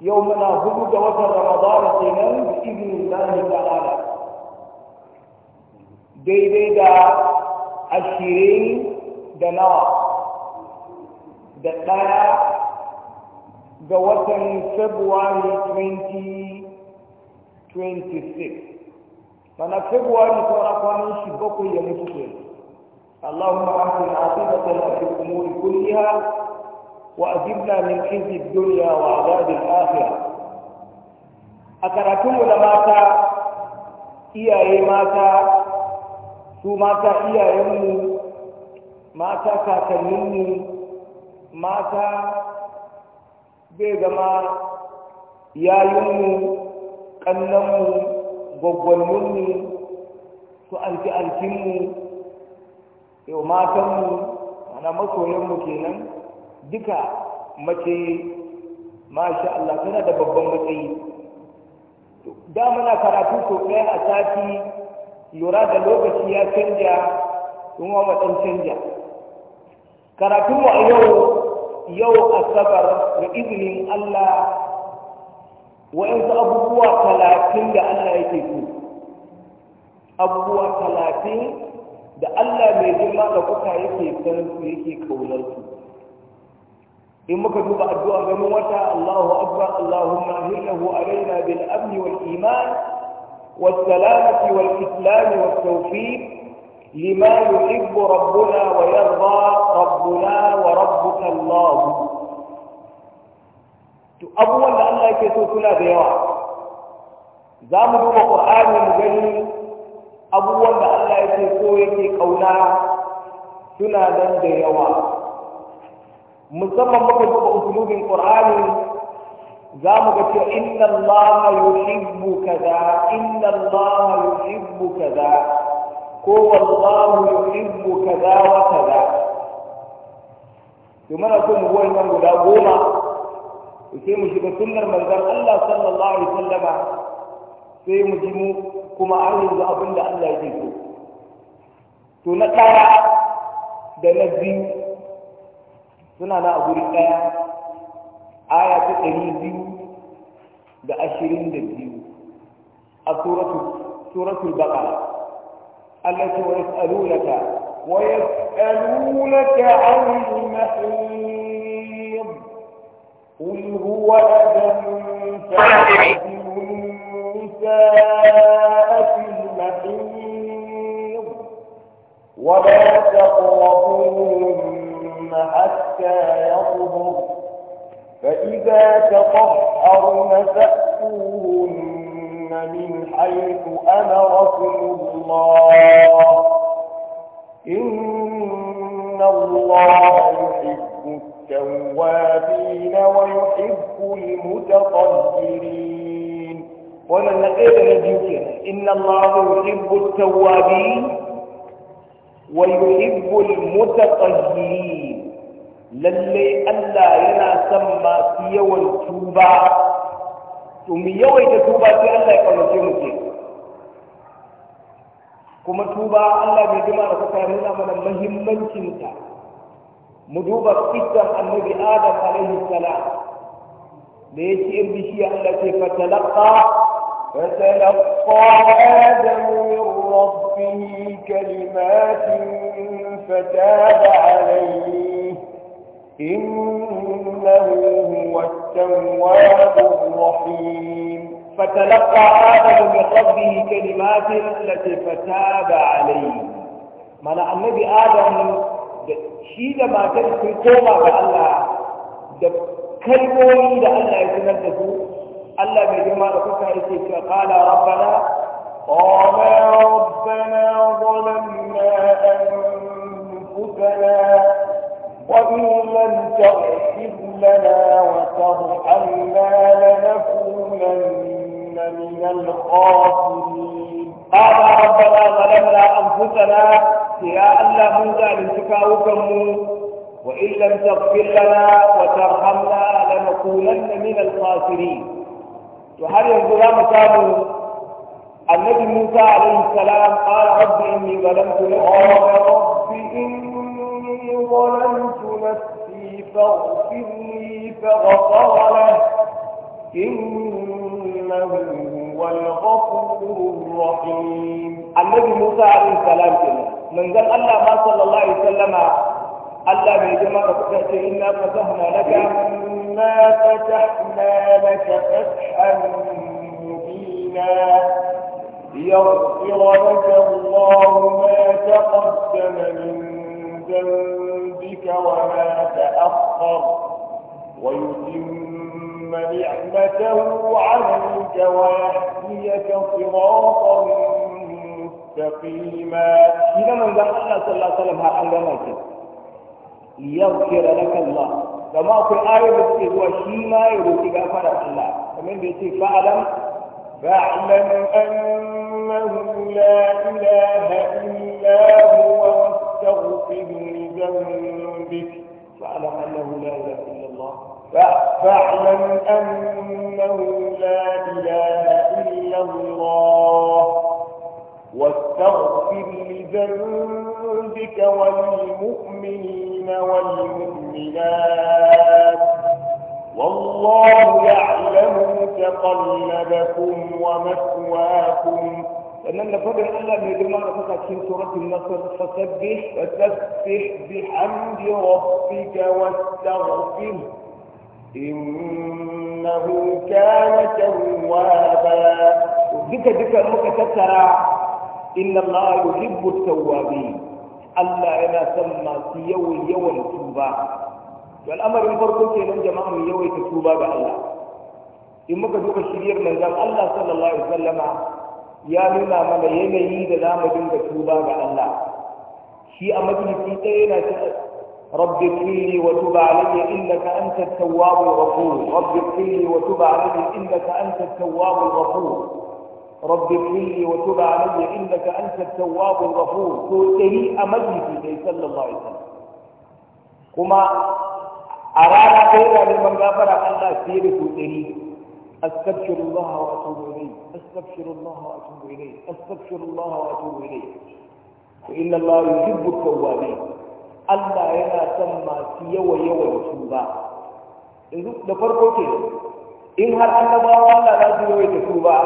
يومنا هدوك وتر رمضان كينان بإذن الله تعالى دي دي دا عشرين دنا نوى دا تايا دا فبراير 2026 فانا فبراير ترى قانون شبكو يمسكين اللهم أحسن عاقبتنا في الأمور كلها وأجبنا من خزي الدنيا وعذاب الآخرة أكرتم لماتا iyaye mata su mata iyayenmu mata kakanninmu mata zai zama yayinmu ƙannanmu gwaggwanninmu su alki-alkinmu yau matanmu mana masoyanmu kenan duka mace masha Allah tana da babban matsayi da muna karatu ko ɗaya a sati lura da lokaci ya canja kuma wadan canja karatu mu a yau yau asabar da izinin Allah wa su abubuwa talatin da Allah yake so abubuwa talatin da Allah mai girma da kuka yake san su yake kaunar su in muka duba addu'a ganin wata Allahu akbar Allahumma ahillahu alaina bil amn wal iman wal salamati wal islam wal tawfiq lima yuhibbu rabbuna wa yarda rabbuna wa rabbuka Allah to abubuwan da Allah yake so suna da yawa za mu duba Qur'ani mu gani abubuwan da Allah yake so yake kauna suna nan da yawa musamman muka duba usulubin qur'ani za mu ga cewa inna Allah yuhibbu kaza inna Allah yuhibbu kaza ko wallahu yuhibbu kaza wa kaza to mana so mu nan guda goma sai mu shiga sunnar manzon Allah sallallahu alaihi wasallama sai mu ji mu kuma an yanzu abin da Allah yake so to na ɗaya da na biyu suna na a guri ɗaya aya ta ɗari biyu da ashirin da biyu a suratul baƙara Allah ce wa yas'alunaka wa yas'alunaka 'anil mahiyyin قل هو أذى فاعتزلوا النساء في المحيض ولا تقربوهن حتى حتى يطهر فإذا تطهرن فأتوهن من حيث أمركم الله إن الله يحب التوابين ويحب المتطهرين ومن غير ذكر إن الله يحب التوابين ويحب المتطهرين lallai Allah yana son masu yawan tuba to mu yawaita tuba sai Allah ya kaunace mu ke kuma tuba Allah bai jima da kuka nuna mana muhimmancinta mu duba kisan annabi Adam alaihi salam da ya ci bishiya Allah ce fatalaqa فتلقى آدم من ربه كلمات فتاب عليه إنه هو التواب الرحيم فتلقى آدم من ربه كلمات التي فتاب عليه من النبي آدم شيد ما تلك الكومة بالله كلمون إذا الله يتنزه الله بجمع ركوك فقال ربنا قال ربنا ظلمنا أنفسنا وإن لم تغفر لنا وترحمنا لنكونن من الخاسرين قال ربنا ظلمنا أنفسنا يا الله من ذلك كاوكم وإن لم تغفر لنا وترحمنا لنكونن من الخاسرين وهل ينظر مكانه النبي موسى عليه السلام قال رب إني ظلمت نفسي ربي إني إني ظلمت نفسي فاغفر لي فغفر له إنه هو الغفور الرحيم النبي موسى عليه السلام كنا من قال الله ما صلى الله عليه وسلم الله بيجمع فتحت إنا فتحنا لك إنا فتحنا لك فتحا مبينا ليغفر لك الله ما تقدم من ذنبك وما تأخر ويتم نعمته عليك ويهديك صراطا مستقيما إذا من قال الله صلى الله عليه وسلم هأنجمك ليغفر لك الله كما في آية بس هو شيما يروتي غفر الله فمن بيت فاعلم فاعلم أنه لا إله إلا هو واستغفر لذنبك فاعلم انه لا اله الا الله فاعلم انه لا اله الا الله واستغفر لذنبك وللمؤمنين والمؤمنات والله يعلم تقلبكم ومثواكم وإنما فضل الله من جمع رفقة سورة النصر فسبح وتسبح بحمد ربك واستغفر إنه كان توابا بك بك أمك تترى إن الله يحب التوابين ألا إلا سمى سيوي يوم التوبة والأمر الفرق كيف جماعة من يوم التوبة بألا إن مكتوب الشرير من ذلك الله صلى الله عليه وسلم ya nuna mana yanayi da za mu dinga tuba ga Allah shi a majalisi ɗaya yana ce rabbi fili wa tuba alayya innaka anta at-tawwabu al-ghafur rabbi fili wa tuba alayya innaka anta at-tawwabu al-ghafur rabbi fili wa tuba alayya innaka anta at-tawwabu al-ghafur to dai a majalisi dai sallallahu alaihi wasallam kuma a rana ɗaya yana neman gafara Allah fiye da su ɗari أستبشر الله وأتوب إليه أستبشر الله وأتوب إليه أستبشر الله وأتوب إليه فإن الله يحب التوابين Allah yana son masu yawa yawan yanzu da farko ke in har annabawa Allah za su yawa ta tuba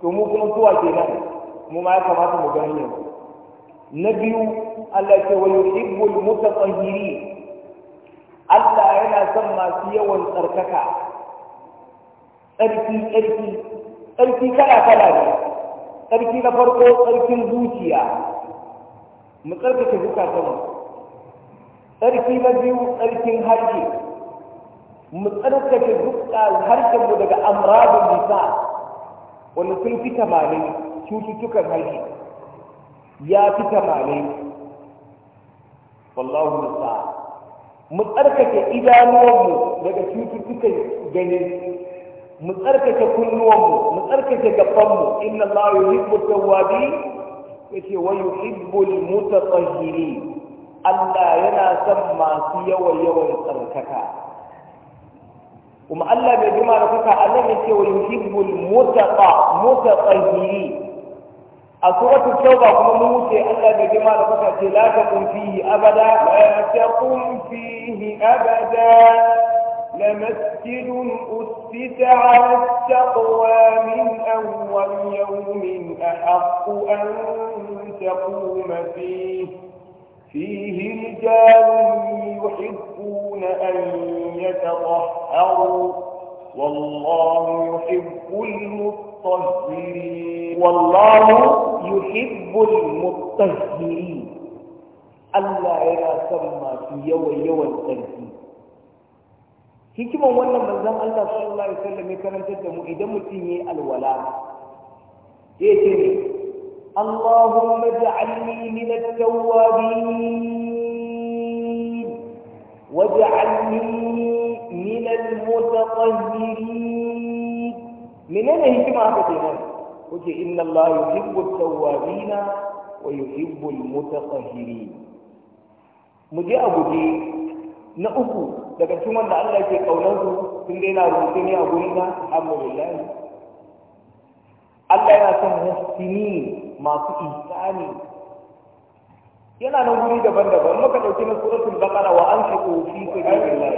to mu kuma zuwa kenan mu ma ya kamata mu gani yanzu na biyu Allah ce wa yuhibbul mutatahhirin Allah yana son masu yawan tsarkaka tsarki ƙarfi ƙarfi kala kala ne tsarki na farko tsarkin zuciya mu ta mu tsarki na biyu tsarkin harshe mu tsarkake harshen mu daga amradun nisa wani sun fi tamanin cututtukan harshe ya fi tamanin wallahu musa mu tsarkake idanuwanmu daga cututtukan ganin. mu tsarkake kunnuwanmu mu tsarkake gabanmu inna allaha yuhibbu tawwabin yace wa yuhibbu al-mutatahhirin Allah yana son masu yawan yawan tsarkaka kuma Allah bai jima da kuka Allah ya ce wa yuhibbul mutaqa mutatahhiri a suratu tauba kuma mun wuce Allah bai jima da kuka ce la taqum fihi abada la taqum fihi abada لمسجد أسس على التقوى من أول يوم أحق أن تقوم فيه فيه رجال يحبون أن يتطهروا والله يحب المطهرين والله يحب المطهرين الله يرى سمى في يوم يوم التنفيذ hikiman wannan manzon Allah sallallahu alaihi wasallam ya karantar da mu idan mutum yayi alwala sai ne Allahumma ij'alni min at-tawwabin waj'alni min al-mutatahhirin menene hikima haka kenan kuke inna Allah yuhibbu at-tawwabina wa yuhibbu al-mutatahhirin mu je a guje na uku daga cikin wanda Allah ke kaunar su sun dai na rubuce ne a guri na alhamdulillah Allah yana son hasini masu ihsani yana nan guri daban-daban muka dauki na suratul baqara wa anfiqu fi sabilillah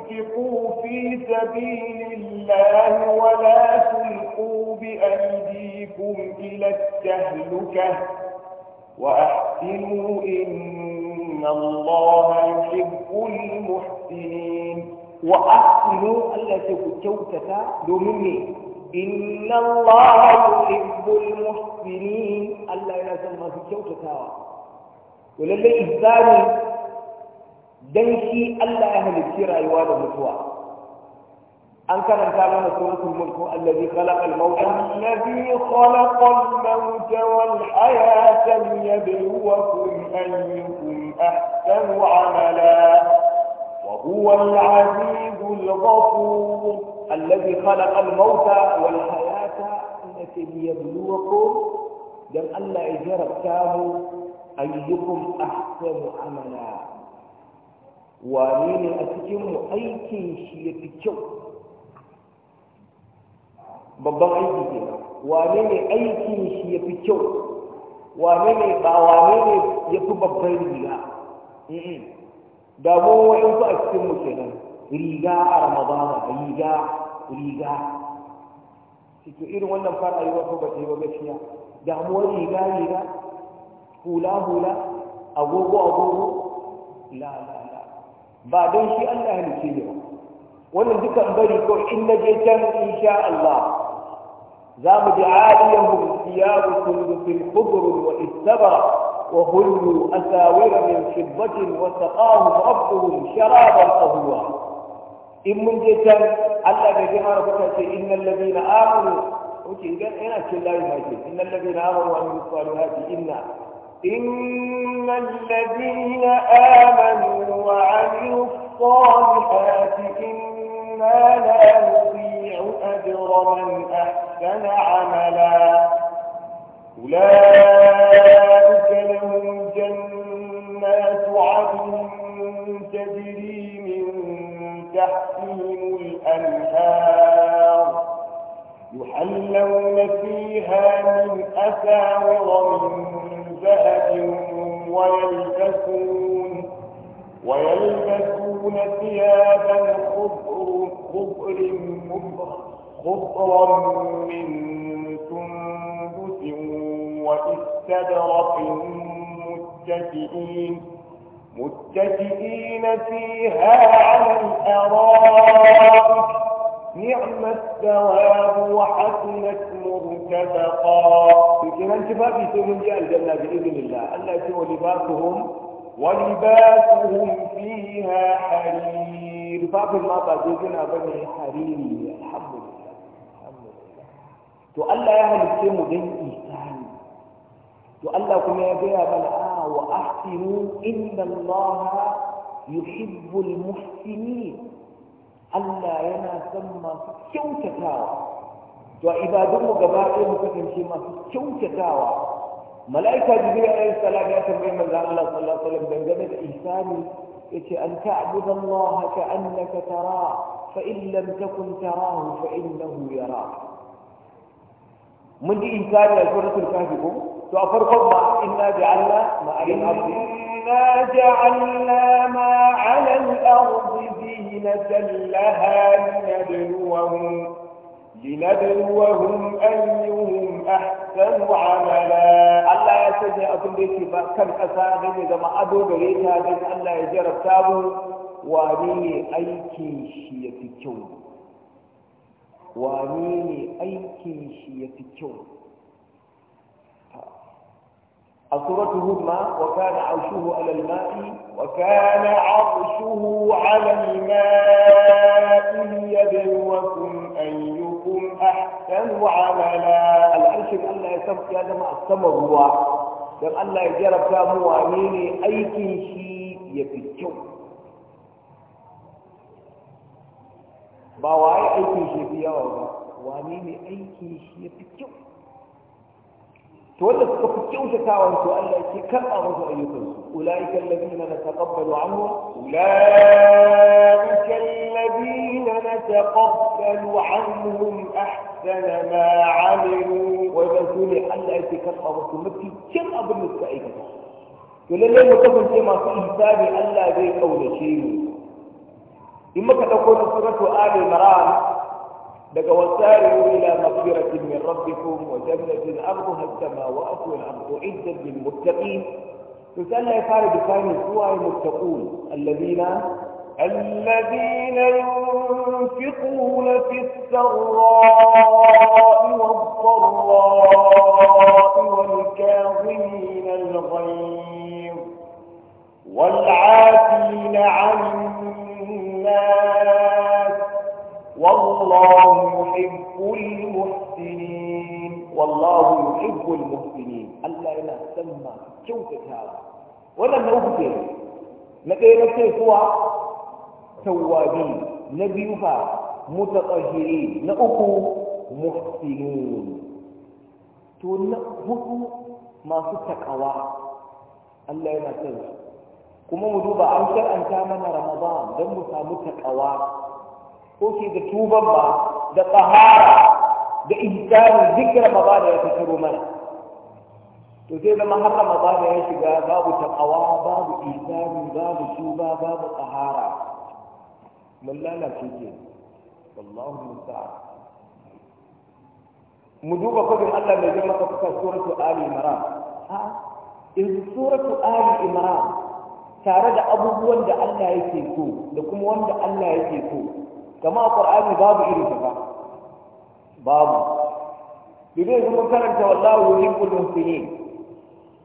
anfiqu fi sabilillah wa la tulqu bi aydikum ila at-tahlukah وأحسنوا إن الله يحب المحسنين وأحسنوا التي كتوتك دومني إن الله يحب المحسنين ألا يسمى في كوتك ولله إهداني دنشي ألا أهل الشرع يوالى متوى أن كان كان سورة الملك الذي خلق الموت الذي خلق الموت والحياة ليبلوكم أيكم أحسن عملا وهو العزيز الغفور الذي خلق الموت والحياة ليبلوكم لم ألا تاه أيكم أحسن عملا ومن أتكم أيكي شيء في babban aiki ke wane ne aiki shi ya fi kyau wane ne ba wane ne ya fi babban riga Da damuwa wa'insu a cikin mu kenan riga a ramadan riga riga cikin irin wannan fara yi wasu ba yi ba gaskiya damuwar riga riga hula hula agogo agogo la la la ba don shi Allah ya ke ne ba wannan dukan bari ko in na je can insha Allah زام دعائهم ثياب سندس خضر واستبر وهلوا اساور من فضة وسقاهم ربهم شرابا قهوا إمن جيتا ألا بجمع ربك إن الذين آمنوا وكي قال إنا كلا إن الذين آمنوا وعملوا الصالحات إنا إن الذين آمنوا وعملوا الصالحات لا نضيع أجر من أحسن عملا أولئك لهم جنات عدن تجري من تحتهم الأنهار يحلون فيها من أساور من ذهب ويلبسون ويلبسون ثيابا خضرا خضر خضرا من سندس واستدرق متكئين متكئين فيها على الأرائك نعم الثواب وحسنت مرتبقا لكن انت ما في من جاء الجنة بإذن الله التي ولباسهم ولباسهم فيها حليم tufafin ma ba zoguna ba ne hariri ne alhamdulillah to Allah ya halitte mu don ihsani to Allah kuma ya gaya mana a ah, wa ahsinu inna Allah yuhibbul muhsinin Allah yana son masu kyautatawa to a ibadunmu gaba ɗaya mu kasance masu kyautatawa mala'ika jibril alaihi salam ya tambayi manzon Allah sallallahu alaihi wasallam dangane da ihsani أن تعبد الله كأنك تراه فإن لم تكن تراه فإنه يراك من دي إنسان سورة الكهف فأفرقوا ما إنا جعلنا ما على الأرض إنا جعلنا ما على الأرض زينة لها لنبلوهم لنبلوهم أيهم أحسن عملا الله يسجن أبن ديكي كم أساغن إذا ما أدو بريتا دين الله يجرب تابو وانيني أيكي شيئتي كو وانيني أيكي شيئتي كو أصورته ما وكان عرشه على الماء وكان عرشه وعلى Allah ya يسمى يا a sama ruwa? dan Allah ya jarabta mu wane ne aikin shi ya fi kyau ba waye aikin shi fi yawa ba wane ne aikin shi ya fi kyau to wanda suka fi kyau kyautatawa to Allah ya ce karɓa musu ayyukansu أولئك الذين نتقبل عنهم أولئك الذين نتقبل عنهم أحسن ما عملوا وإذا سولي حل أيتك الأرض مكي كم أبن السعيد كل اللي متفن كما في إحساب ألا ذي قول شيء إما كتقول سورة آل مران لك وسائل إلى مغفرة من ربكم وجنة أرضها السماوات والأرض عدة للمتقين to يا Allah ya fara defining su waye الذين ينفقون في السراء والضراء والكاظمين الغيظ والعافين عن الناس والله يحب المحسنين والله يحب المحسنين الله يسمى kyautatawa wannan na uku ne na ɗaya na ce kuwa tawwabi na biyu fa mutatahiri na uku muhsinun to na hudu masu takawa Allah yana son su kuma mu duba an shar'anta mana Ramadan don mu samu takawa ko ke da tuban ba da tsahara da ihsani duk ba da ya fitaro mana to sai zama har ramadana ya shiga babu takawa babu isani babu tuba babu tsahara mun lalace ke wallahu musta'an mu duba kudin Allah mai girma ka fuka suratu Ali Imran ha in suratu Ali Imran tare da abubuwan da Allah yake so da kuma wanda Allah yake so kama Qur'ani babu irin ta ba babu bidai mun karanta wallahu su ne.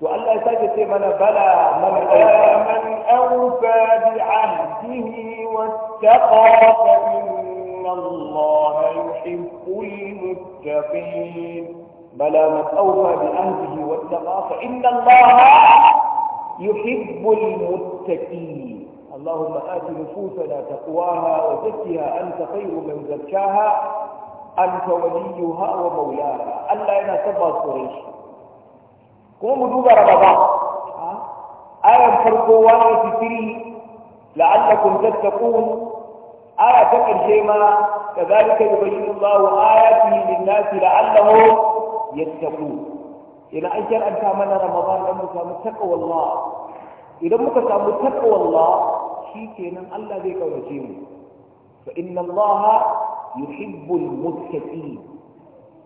والله تجد من بلى من آمن أوفى بعهده واتقى فإن الله يحب المتقين بلى من أوفى بعهده واتقى فإن الله يحب المتقين اللهم آت نفوسنا تقواها وزكها أنت خير من زكاها أنت وليها ومولاها ألا إن ينتبه قريش ko mu duba ramadan ayar farko 183 la'allakum tattaqun aya ta ƙarshe ma kazalika yubayyinu Allahu ayatihi lin-nasi la'allahum yattaqun idan an ta mana ramadan dan mu samu taqwallah idan muka samu taqwallah shikenan Allah zai kaunace mu fa inna Allah yuhibbul muttaqin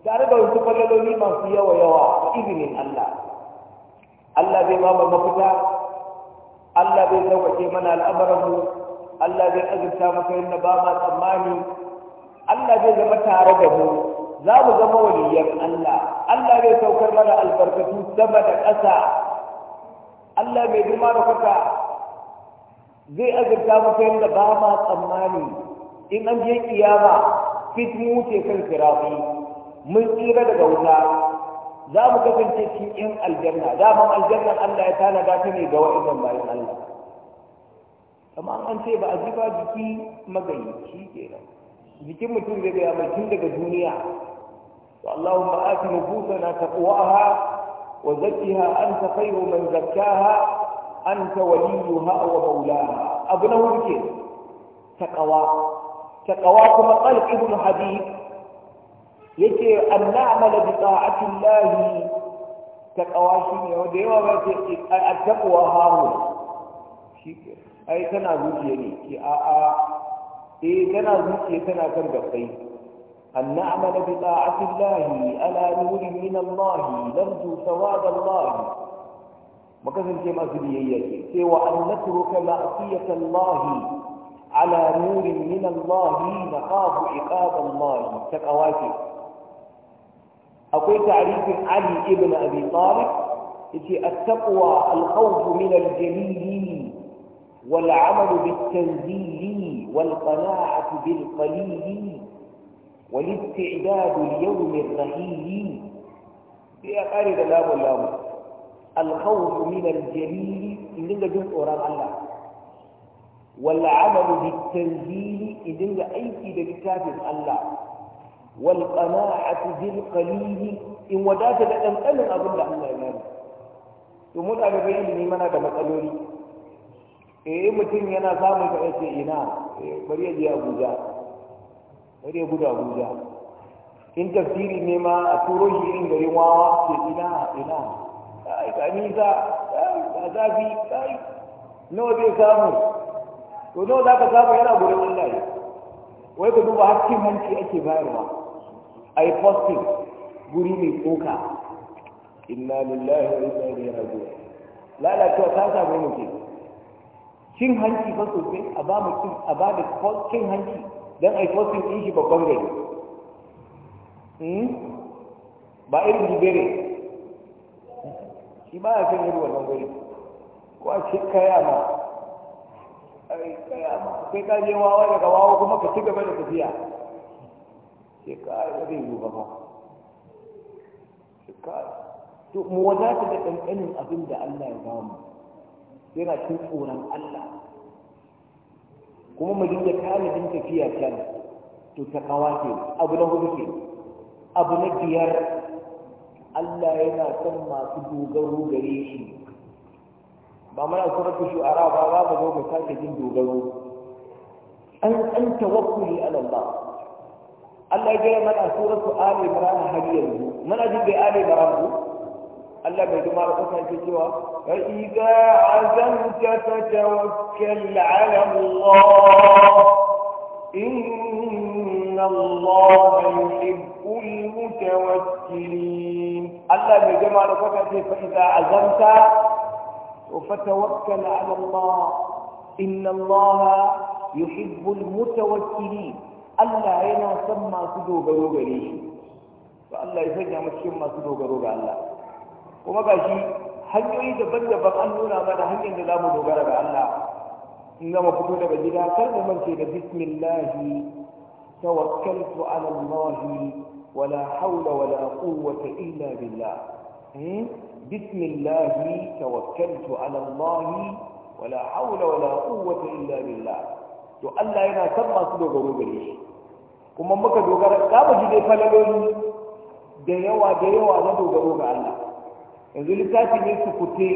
tare da wasu falaloli masu yawa yawa izinin Allah Allah zai ba mafita Allah zai sauƙaƙe mana al'amuranmu Allah zai azurta mu kai da ba ma tsammani Allah zai zama tare da mu za mu zama waliyan Allah Allah zai saukar mana albarkatu sama da ƙasa Allah mai girma da kwata zai azurta mu kai da ba ma tsammani in an je kiyama fit mu ce kan kirafi mun tsira daga wuta za mu kasance cikin aljanna daman aljannan Allah ya tanada ta ne ga wa'annan bayan Allah amma an ce ba a ji ba jiki magayyaci nan. jikin mutum zai ga mai tun daga duniya to Allahumma ati na taqwaha wa zakkiha anta khayru man zakkaha waliyu waliyuha wa maulaha abu na hurke taqwa taqwa kuma qalb ibn hadith yake an na'amala bi ta'atin lahi ta kawa ne wanda yawa ba ce a taɓuwa hahu shi ai tana zuciya ne ke a a eh tana zuciya tana kan gabbai an na'amala bi ta'atin lahi ala nurin min Allah lamtu sawab Allah makasance masu biyayya ke cewa an natruka ma'siyat Allah ala nurin min Allah naqabu iqab Allah ta kawa akwai tarihin ali ibn abi talib yace at-taqwa al-khawf min al-jalil wal 'amal bit-tanzil wal qana'atu bil qalil wal isti'dad li yawm ar-rahil ya kare da lamu lamu al-khawf min al-jalil in dinga jin tsoron Allah wal 'amal bit-tanzil in dinga aiki da littafin Allah wal qana'atu bil qalili in wadata da dankalin abin da Allah ya bani to mu da ga ilimi mana da matsaloli eh mutum yana samun ka yace ina eh, bari ya je Abuja bari ya gudu Abuja in tafsiri ne ma a turo shi in gari wawa ce ina ina kai ka nisa kai ka zafi kai nawa zai samu to nawa za ka samu yana gurin Allah wai ka duba hakkin hanci ake bayarwa a yi guri mai tsoka inna lillahi wa inna ilaihi raji'un lalacewa ta samu mutum cin hanci fa sosai a ba kin a ba da cin hanci don a yi din shi babban gari hmm? ba irin libere shi ba ya san irin wannan gari ko a ce kaya ma kai kaya ma kai kaje wawa daga wawa kuma ka ci gaba da tafiya sai kai zai yi ba ma to mu wadata da abin da Allah ya ba mu yana cin tsoron Allah kuma mu dinga kalibin tafiya can to ta kawa abu na hudu ke abu na biyar Allah yana son masu dogaro gare shi ba mana shi araba ba ba mu zo mu sake jin dogaro an an tawakkuli ala Allah Allah ya mana suratu Ali Imran har yanzu muna jin da Ali Imran ku Allah bai kuma da kusa yake cewa fa idza azamta fatawakkal ala Allah inna Allah yuhibbul mutawakkilin Allah bai jama da kusa yake fa idza azamta فتوكل على الله إن الله يحب المتوكلين Allah yana son masu dogaro gare shi to Allah ya sanya mu cikin masu dogaro ga Allah kuma gashi hanyoyi daban-daban an nuna mana hanyar da za mu dogara ga Allah in gama fito daga gida kar mu mance da bismillahi tawakkaltu ala Allah wala hawla wala quwwata illa billah بسم الله توكلت على الله ولا حول ولا قوة إلا بالله to Allah yana san masu dogaro gare shi kuma muka dogara ka ji dai falaloli da yawa da yawa na dogaro ga Allah yanzu littafi ne su kute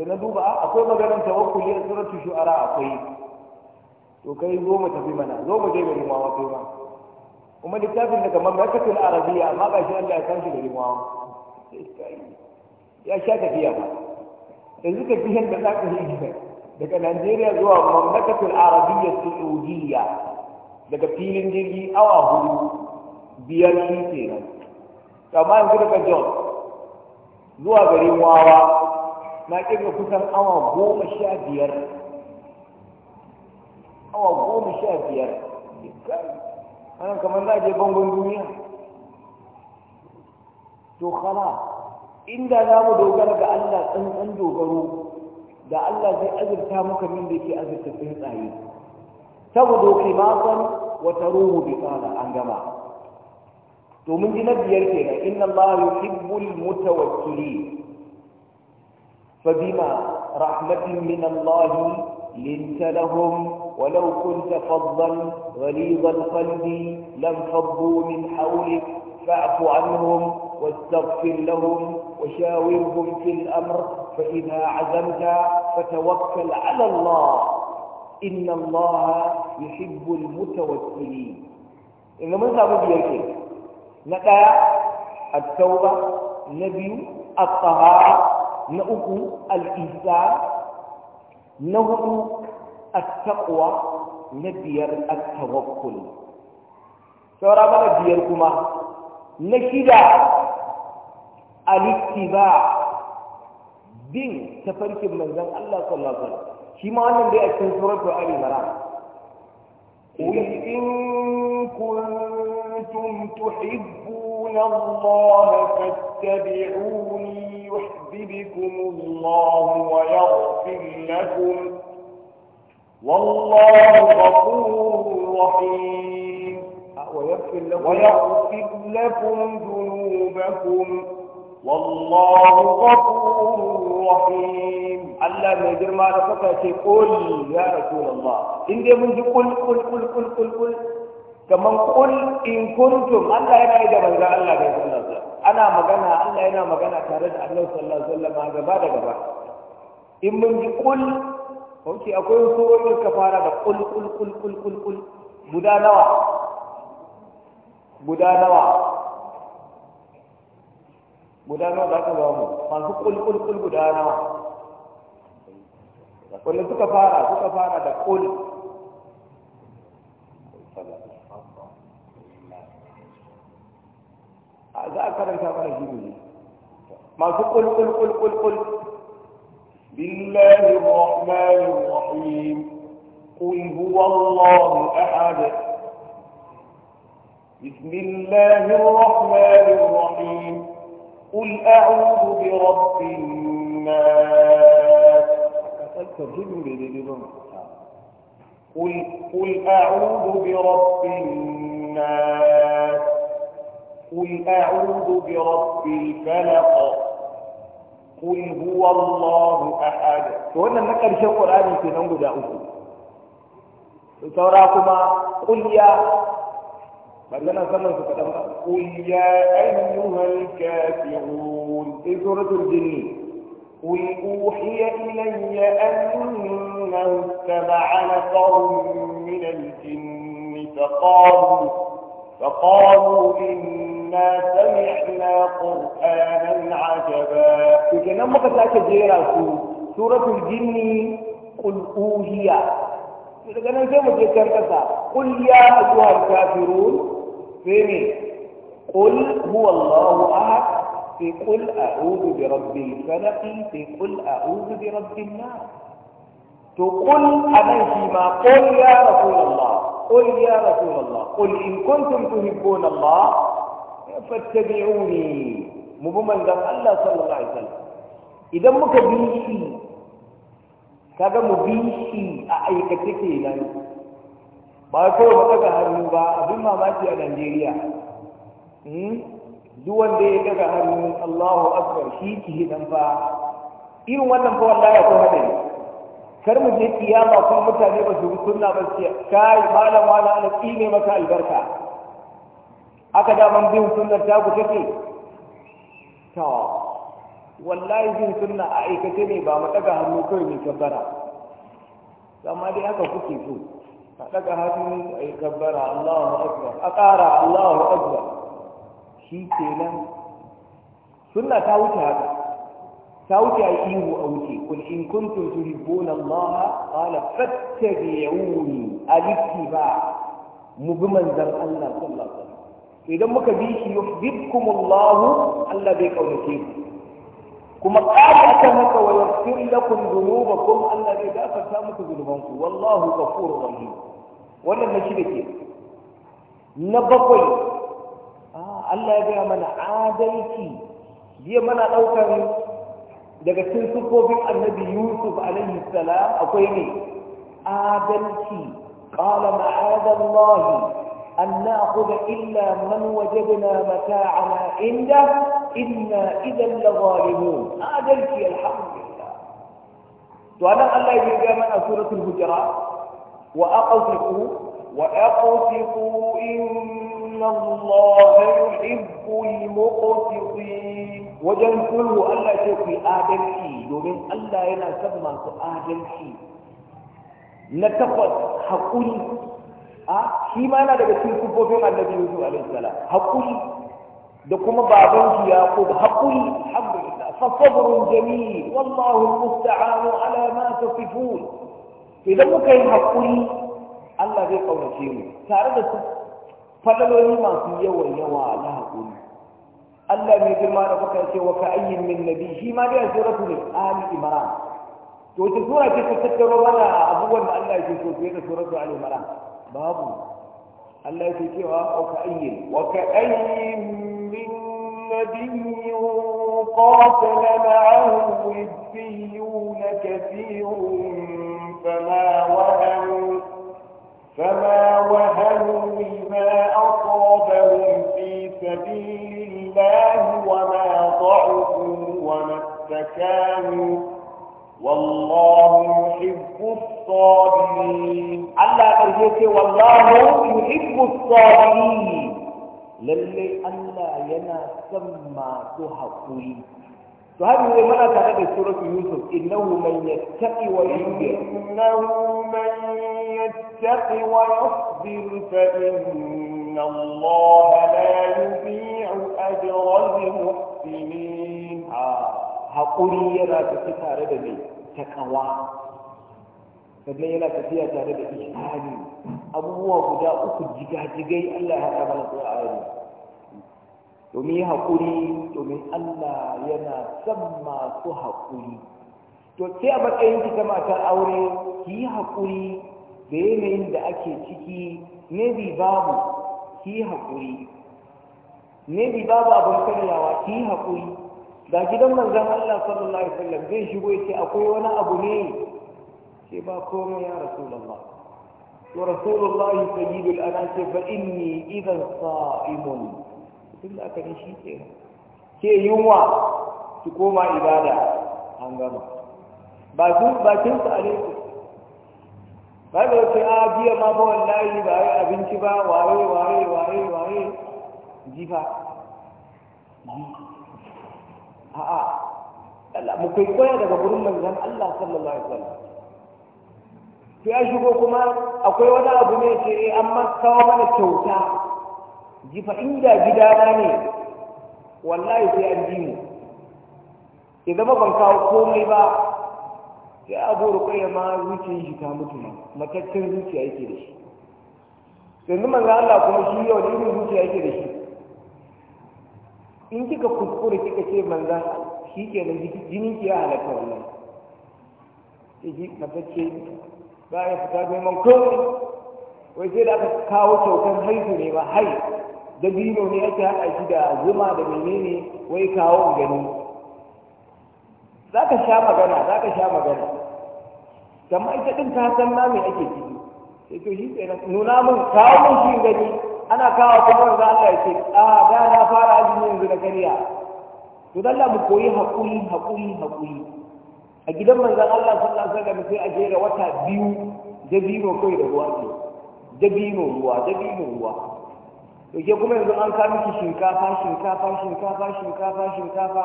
da na duba akwai maganar tawakkuli a suratu shu'ara akwai to kai zo mu tafi mana zo mu je ga rimawa kai ma kuma littafin da kamar makatul arabiya amma ba shi Allah ya san shi da rimawa ya sha tafiya ba yanzu tafiyan da za ka yi daga Najeriya zuwa mamlakatul arabiya saudiya daga filin jirgi awa hudu biyar shi ke nan amma yanzu daga john zuwa garin wawa na kirga kusan awa goma sha biyar awa goma sha biyar ana kamar za a je bangon duniya to kana inda za mu dogara ga allah tsantsan dogaro da allah zai azurta maka min da ke azurta tsuntsaye تغدو خماصا وتروه بطانا أنجما ومن جنب يركنا إن الله يحب المتوكلين فبما رحمة من الله لنت لهم ولو كنت فظا غليظ القلب لانفضوا من حولك فاعف عنهم واستغفر لهم وشاورهم في الأمر فإذا عزمت فتوكل على الله inna allaha yuhibbul mutawakkilin inda mun samu biyar ke na ɗaya at-tauba na biyu at-tahara na uku al-ihsa na hudu at-taqwa na biyar at-tawakkul saura mana biyar kuma na shida al-ittiba bin tafarkin manzon Allah sallallahu alaihi wasallam shi ma wannan سورة آل cikin قل إن كنتم تحبون الله فاتبعوني يحببكم الله ويغفر لكم والله غفور رحيم ويغفر لكم ذنوبكم والله غفور Allah mai girma da kuka ce ya rasulullah in dai mun ji qul kaman in kuntum Allah yana yi da manzo Allah bai sallallahu ana magana Allah yana magana tare da Allah sallallahu alaihi wasallam gaba da gaba in mun ji qul ki akwai surorin ka fara da qul qul qul guda nawa nawa guda nawa za ka bamu masu kulkulkul guda da kullum suka fara suka fara da kul za a karanta mana gini masu kulkulkulkulkul billahi الرحمن rahim قل هو الله أحد بسم الله الرحمن الرحيم قل أعوذ برب الناس قل, قل أعوذ برب الناس قل أعوذ برب الفلق قل هو الله أحد وإن نكر شيء قرآن في دعوه أعوذ saura قل يا بندنا زمن فتدم قل يا أيها الكافرون في سورة الجن قل أوحي إلي أنه استمع نفر من الجن فقالوا فقالوا إنا سمعنا قرآنا عجبا لكن لما قد جيرا سورة الجن قل أوهي لكن أنا زي ما قل يا أيها الكافرون ثاني قل هو الله أحد في قل أعوذ برب الفلق في قل أعوذ برب الناس تقول أنا فيما قل يا رسول الله قل يا رسول الله قل إن كنتم تحبون الله فاتبعوني مبمن قال الله صلى الله عليه وسلم إذا مكبيشي كذا مبيشي أعيك تكيلا ba kawai ba daga hannu ba abin mamaki a najeriya hmm? duk wanda ya daga hannu allahu akbar shi ki hidan fa irin wannan fa wallahi akwai hadari kar mu je kiyama kuma mutane ba su bi sunna ba su kai malam wala ala kine maka albarka aka daman bin sunna ta ku take to wallahi bin sunna a aikace ne ba mu daga hannu kai mai kabbara amma dai haka kuke so a ɗaga hannu a yi kabbara Allahu Akbar a ƙara Allahu Akbar shi nan. sunna ta wuce haka ta wuce a ihu a wuce kul in kuntum tuhibbuna Allah qala fattabi'uni al-ittiba mu bi manzon Allah sallallahu alaihi wasallam idan muka bi shi yuhibbukum Allah Allah bai kaunace ku kuma ƙara akan haka wa yaghfir lakum dhunubakum Allah zai gafarta muku zunubanku wallahu ghafurur rahim wannan na shida ke na bakwai Allah ya gaya mana adalci jiya mana ɗaukar daga cikin sufofin annabi Yusuf alaihi salam akwai ne adalci qala ma'ada Allah an na'khudha illa man wajadna mata'ana inda. إنا إذا لظالمون أدلك الحمد لله تعالى الله يرجى من سورة الهجرات وأقصفوا وأقصفوا إن الله يحب المقسطين وجن كله ألا شوفي آدلك يومين ألا ينا سبما آدلك نتفض حقوني أه شيما أنا لقد كنت كفوفين النبي يوسف عليه السلام حقوني da kuma babansu yaqub haqqul alhamdulillah fa sabrun jamil wallahu almusta'an ala ma tasifun idan muka yi hakuri, Allah zai kaunace mu tare da fadaloli masu yawan yawa na hakuri. Allah mai girma da kuka ce wa ka'ayyin min nabi shi ma dai suratu ne ali imran to wata sura ce ta tattaro mana abubuwan da Allah yake so fiye da suratu ali imran babu Allah yake cewa wa ka'ayyin wa ka'ayyin من نبي قاتل معه ربيون كثير فما وهنوا فما وهنوا لما أصابهم في سبيل الله وما ضعفوا وما استكانوا والله يحب الصابرين الله والله يحب الصابرين lalle Allah yana son masu haƙuri to har yanzu mana tare da suratu yusuf innahu man yattaqi wa yusbir innahu man yattaqi wa yusbir fa inna Allah la yudhi'u ajra al-muhsinin haƙuri yana tare da mai takawa sannan yana tafiya tare da ihari abubuwa guda uku jigajigai Allah ya haɗa mana su a yanzu domin yi haƙuri domin Allah yana son masu haƙuri to sai a matsayin ki ta matar aure ki yi haƙuri da yanayin da ake ciki ne babu ki yi haƙuri ne babu abin karyawa ki yi haƙuri ga gidan manzon Allah sallallahu alaihi wasallam zai shigo ya ce akwai wani abu ne ce ba komai ya rasulullah wa rasulullah sayyidul ana ce fa inni idan sa'imun tun da aka shi ke ke yunwa su koma ibada an gama ba su ba kin sa alaikum ba da wace a ah, biya ma ba wallahi ba yi abinci ba waye waye waye waye jifa a'a Allah mu kai koya daga gurin manzan Allah sallallahu alaihi wasallam to ya shigo kuma akwai wani abu ne ce eh amma kawo mana kyauta jifa inda gidana ne wallahi sai an ji mu ya zama ban kawo komai ba sai abu rukwaya ma zuciyar shi ta mutu ma mataccen zuciya yake da shi yanzu manzo Allah kuma shi yau da irin zuciya yake da shi in kika kuskure kika ce manza shi ke nan jini ke halatta wannan ji matacce a yi fita neman komai wai sai da aka kawo kyautar haihu ne ba hai da bino ne ake haɗa shi da zuma da menene wai kawo gani za ka sha magana za ka sha magana kamar ita ɗin ta san na me ake ciki sai to shi na. nuna min kawo min shi gani ana kawo kuma wanda Allah ya ce a da na fara azumi yanzu na karya to dalla mu koyi haƙuri haƙuri haƙuri a gidan manzan Allah sallallahu alaihi wasallam sai a jera wata biyu dabino kai da ruwa ce dabino ruwa dabino ruwa to ke kuma yanzu an kawo miki shinkafa shinkafa shinkafa shinkafa shinkafa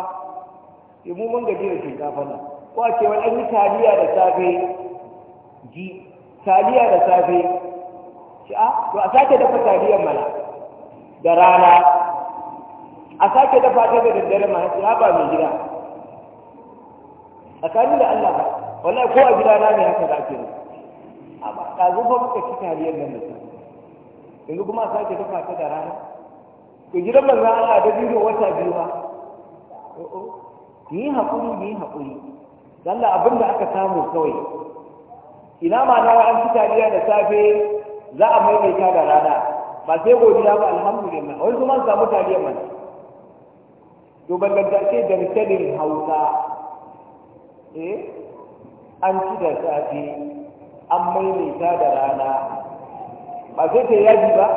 ya mu mun gaji da shinkafa nan ko a ce wani an yi taliya da safe ji taliya da safe shi a ah, to a sake dafa taliyar mana da rana a sake dafa ta da daddare mana shi ah, ba mai gida tsakanin da Allah ba wallahi ko a gidana ne haka za ke Amma ka zo fa muka ci taliyar nan da su yanzu kuma sai ka dafa ta da rana to gidan manzan Allah da biyu wata biyu ba Ni yi ni hakuri. yi haƙuri Allah abin da aka samu kawai ina ma na an ci taliya da safe za a maimaita da rana ba sai godiya ba alhamdulillah wani kuma samu taliyar ba to banganta ce dankalin hausa eh an ci da safe an maimaita da rana ba zai ta yaji ba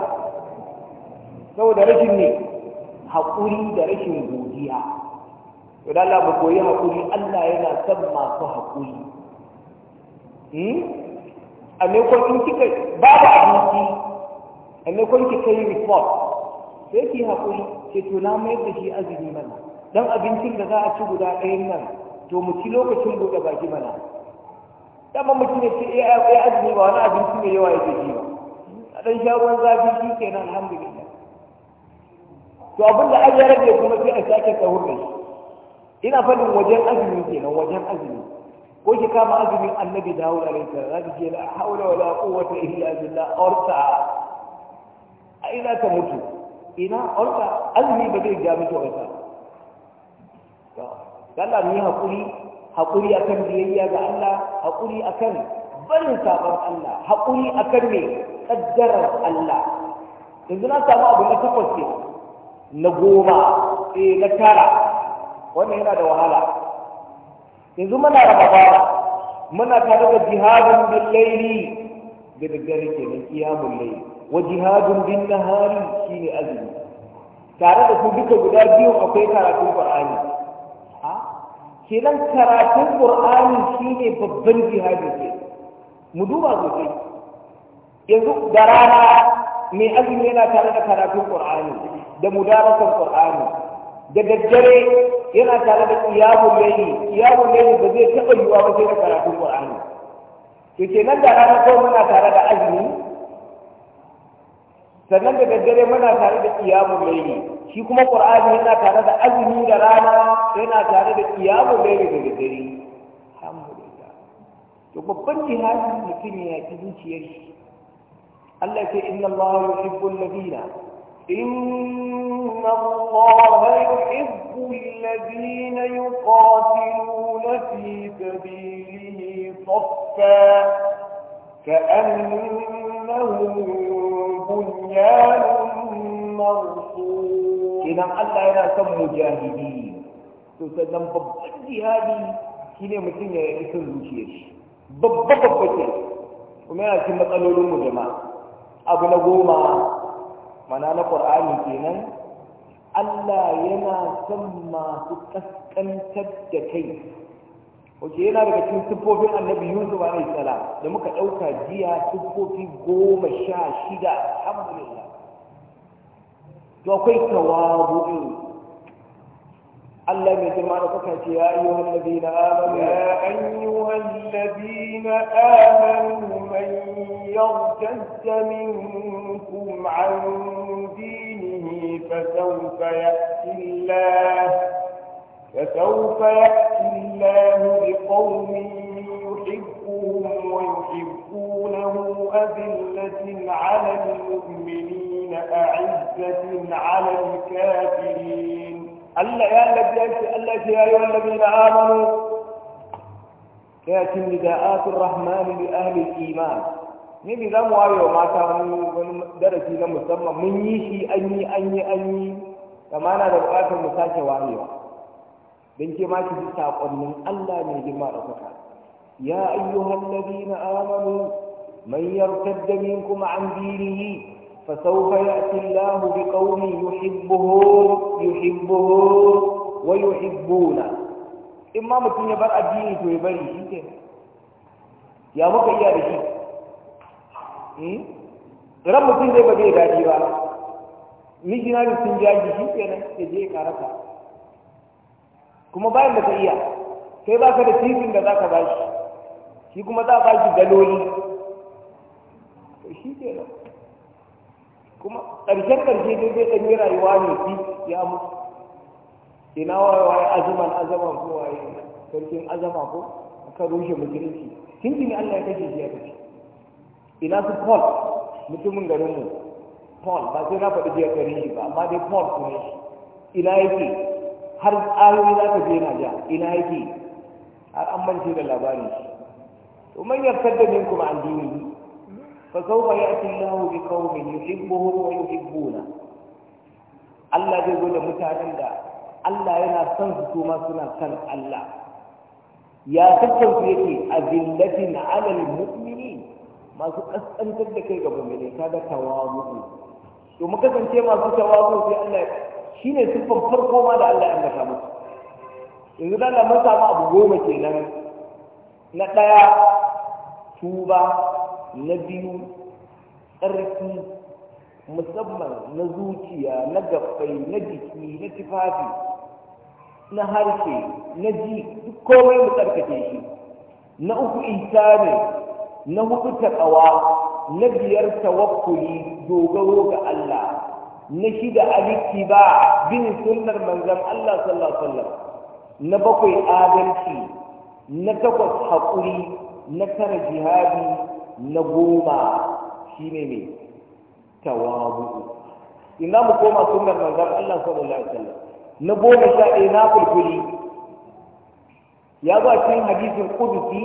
saboda rashin ne haƙuri da rashin godiya to da Allah ba koyi haƙuri Allah yana son masu haƙuri hmm? a maimakon in kika da abinci a maimakon ki yi report sai ki haƙuri ke to mai da shi azumi mana dan abincin da za a ci guda ɗayan nan to mu ci lokacin buɗe baki mana dama mutum ya ce ya azumi ba wani abinci mai yawa yake ji ba a ɗan sha ruwan zafi shi ke nan alhamdulillah to abin da an ya rage kuma sai a sake sahur da shi ina faɗin wajen azumi kenan wajen azumi ko ki kama azumin annabi da alaihi za ki ce da haula wala quwwata illa billah orta a ina ta mutu ina orta azumi ba zai ja mutu orta Allah mu yi haƙuri haƙuri akan biyayya ga Allah haƙuri akan barin sabon Allah haƙuri akan mai kaddarar Allah yanzu na samu abu na takwas ne na goma eh na tara wannan yana da wahala yanzu muna raba bara muna tare da jihadin bin laili da daddare kenan qiyamul layl wa jihadun bin nahari shine azumi tare da su duka guda biyu akwai karatun qur'ani kenan karatun qur'ani shine babban jihadi ke mu duba sosai yanzu da rana mai azumi yana tare da karatun qur'ani da mudarasan qur'ani da daddare yana tare da qiyamul layli qiyamul layli ba zai taɓa yiwa ba sai da karatun qur'ani to kenan da rana kawai muna tare da azumi sannan daga dare muna tare da qiyamul layli shi kuma qur'ani yana tare da azumi da rana yana tare da qiyamul layli daga dare alhamdulillah to babban jihadi mutum ya ci zuciyar shi Allah ya ce inna Allah yuhibbul ladina inna Allah yuhibbul ladina yuqatiluna fi sabilihi saffan كأنهم بنيان مرصوص yana son ينا سم مجاهدين to sannan babban jihadi shine mutum ya yi son zuciyar shi babba babba ke kuma yana cikin matsalolin mu jama'a abu na goma mana na ƙur'ani kenan Allah yana son masu kaskantar da kai oke yana daga cikin siffofin annabi yusuf alaihi salam da muka ɗauka jiya siffofi goma sha shida alhamdulillah to akwai tawabu Allah ya tawabu'in الله يجمع لك يا أيها الذين آمنوا يا أيها الذين آمنوا من يرتد منكم an دينه فسوف يأتي الله فسوف يأتي الله بقوم يحبهم ويحبونه أذلة على المؤمنين أعزة على الكافرين الله يا الذي الله يا أيها الذين آمنوا تأتي نداءات الرحمن لأهل الإيمان من za mu wayo mata من درجة na من يشي أني أني أني كما أنا yi an yi kama بنتي ke ma قلنا ji sakonnin Allah mai girma da kuka ya ayyuhallazina amanu man yartadda minkum an dinihi فسوف يأتي الله بقوم يحبه يحبهم ويحبون إما متن يبر الدين تويبري شيك يا مكي يا رشي رب إيه؟ متن يبقى يبقى يبقى نجي نالي سنجاج شيك يا رب kuma bayan da ka iya kai ba ka da titin da za ka ba shi shi kuma za a ba shi daloli to shi ke nan kuma ƙarshen ƙarshe dai zai ɗanyi rayuwa ne fi ya mutu ina waye azuman azama ko waye sarkin azama ko aka rushe musulunci tuntuni Allah ya kashe shi ya kashe ina su Paul mutumin garinmu Paul ba sai na faɗi jiya kare shi ba amma dai Paul kuma shi ina yake har ayoyi za ka je yana ja ina yake har an mance da labarin shi to man yartadda minkum an dinihi fa sawfa ya'ti Allahu bi qaumin yuhibbuhum wa yuhibbuna Allah zai zo da mutanen da Allah yana son su kuma suna son Allah ya tattan su yake a zillatin alal mu'mini masu kaskantar da kai ga mu'mini kaga tawazu to mu kasance masu tawazu sai Allah shi ne siffar farko ma da Allah ya ambata musu yanzu dan mun samu abu goma kenan na ɗaya tuba na biyu tsarki musamman na zuciya na gabbai na jiki na tifafi na harshe na ji duk komai mu tsarkake shi na uku ne na hudu ƙawa na biyar tawakkuli dogaro ga Allah na shida ba bin sunnar manzan Allah sallallahu alaihi wasallam na bakwai adalci na takwas haƙuri na tara jihadi na goma shine ne tawabu ina mu koma sunnar manzan Allah sallallahu alaihi wasallam na goma sha ɗaya na kulkuli ya zo a cikin hadisin kudusi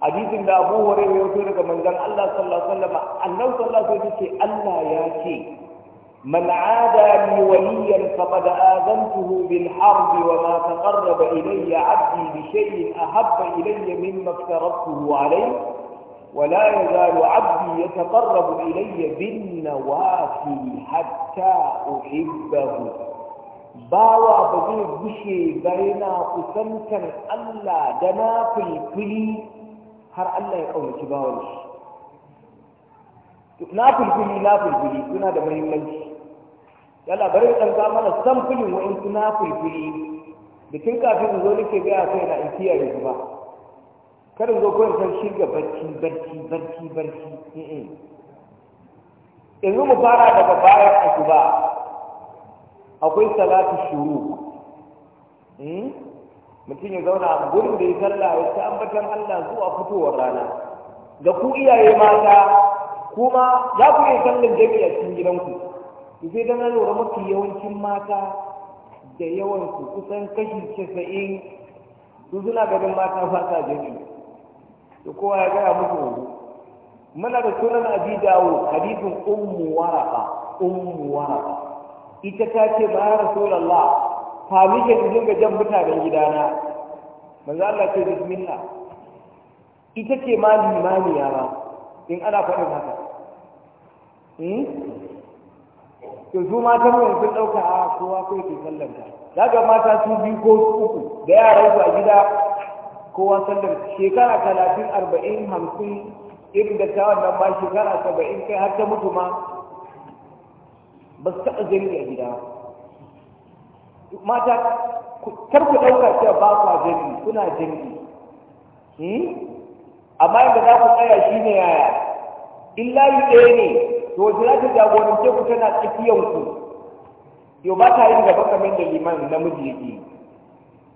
hadisin da abu hore ya daga manzan Allah sallallahu alaihi wasallam annabi sallallahu alaihi wasallam ce Allah ya ce من عادى لي وليا فقد آذنته بالحرب وما تقرب إلي عبدي بشيء أحب إلي مما افترضته عليه ولا يزال عبدي يتقرب إلي بالنوافل حتى أحبه باوا بزي بشي بينا قسمتا ألا دنا في الكل هر ألا يقول كباوش نافل كلي نافل كلي كنا دمين منش yalla bari dan ga mana samfulin wa in kuna fulfuli da kafin in zo nake ga kai na in kiyaye su ba kar in zo ko san shi ga barci barci barci barci yanzu mu fara daga bayan asuba akwai salatu shuru mm-hmm. mutum ya zauna a gurin da ya sallah ya ta ambatan Allah zuwa fitowar rana ga ku iyaye mata kuma za ku iya sallan jami'a cikin gidanku sai don na lura mafi yawancin mata da yawansu kusan kashi casa'in su suna ganin mata fata jami da kowa ya gaya musu wani muna da sunan abi dawo hadisin ummu waraka ummu waraka ita ta ce ba ya rasulallah fa mike su dinga jan mutanen gidana manzo Allah ce bismillah ita ce ma limaniya ba in ana faɗin haka hmm? to su matan mu sun dauka a ah, kowa kai ke sallar ta daga mata su biyu ko uku da yaran su a gida kowa sallar shekara talatin arba'in hamsin irin da ta wannan ba shekara saba'in kai har ta mutu ma ba su taɓa gani a gida mata kar ku ɗauka cewa ba kwa gani kuna jirgi. Hmm? amma inda za ku tsaya shi ne yaya in layi ɗaya ne to wace za jagorance ku tana tsakiyar ku Yau ba ta yin gaba kamar da liman namiji yake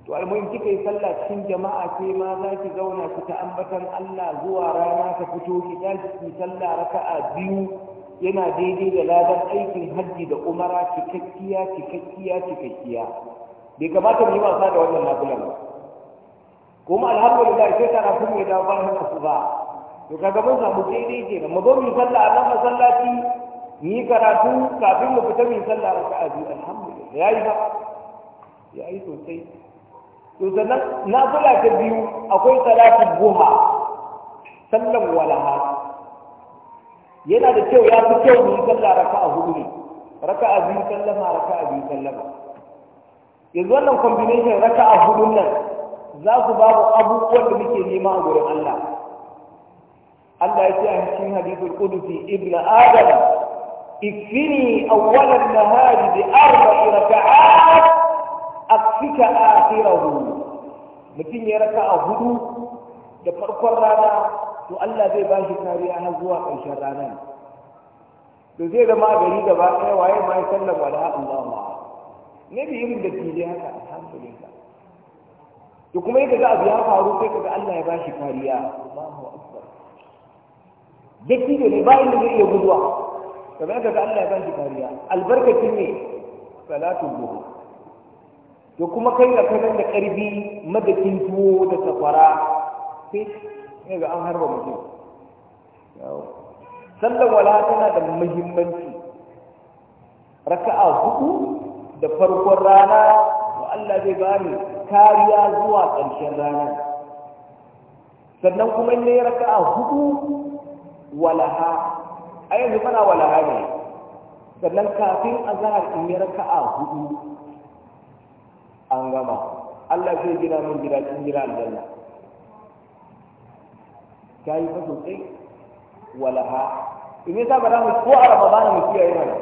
to almuhim kika yi sallah cikin jama'a ke ma za ki zauna ki ta ambatan Allah zuwa rana ka fito ki tashi ki sallah raka'a biyu yana daidai da ladan aikin hajji da umara cikakkiya cikakkiya cikakkiya bai kamata mu yi wasa da wannan nafilan ba kuma alhamdulillah sai tara kun ya dawo bayan ba. to kaga mun samu daidai ke nan mu zo mu sallah a nan masallaci ni karatu kafin mu fita min sallah raka'a biyu alhamdulillah Ya yayi ba yi sosai to sannan nafila ta biyu akwai salatu buha sallan walaha yana da kyau ya fi kyau mu sallah raka a hudu ne raka a biyu sallama raka a biyu sallama yanzu wannan combination a hudun nan za ku babu abubuwan da muke nema a gurin Allah Allah ya ce a cikin hadisul qudusi ibnu adam ikfini awwalan nahari bi arba'i raka'at akfika akhirahu mutum ya raka a hudu da farkon rana to Allah zai ba shi kariya har zuwa ƙarshen ranar to zai zama a gari gaba ɗaya waye ma ya sallar wala Allah ma ne bi irin da tije haka alhamdulillah to kuma yadda za a biya faru sai kaga Allah ya ba shi kariya Allahu dattijo da ba inda zai iya guduwa kamar yadda ga Allah ya ban kariya albarkacin ne Salatu duhu to kuma kai da kai da karbi madakin tuwo da sakwara sai ne ga an harba mutum Sallan wala tana da muhimmanci raka'a hudu da farkon rana to Allah zai bani kariya zuwa ƙarshen rana sannan kuma in ne raka'a hudu walaha a yanzu mana walaha ne sannan kafin azhar in yi raka'a hudu an gama Allah zai gina min gida cikin gida aljanna ta yi fa sosai walaha in yi ba za mu ko a bana mu kiyaye mana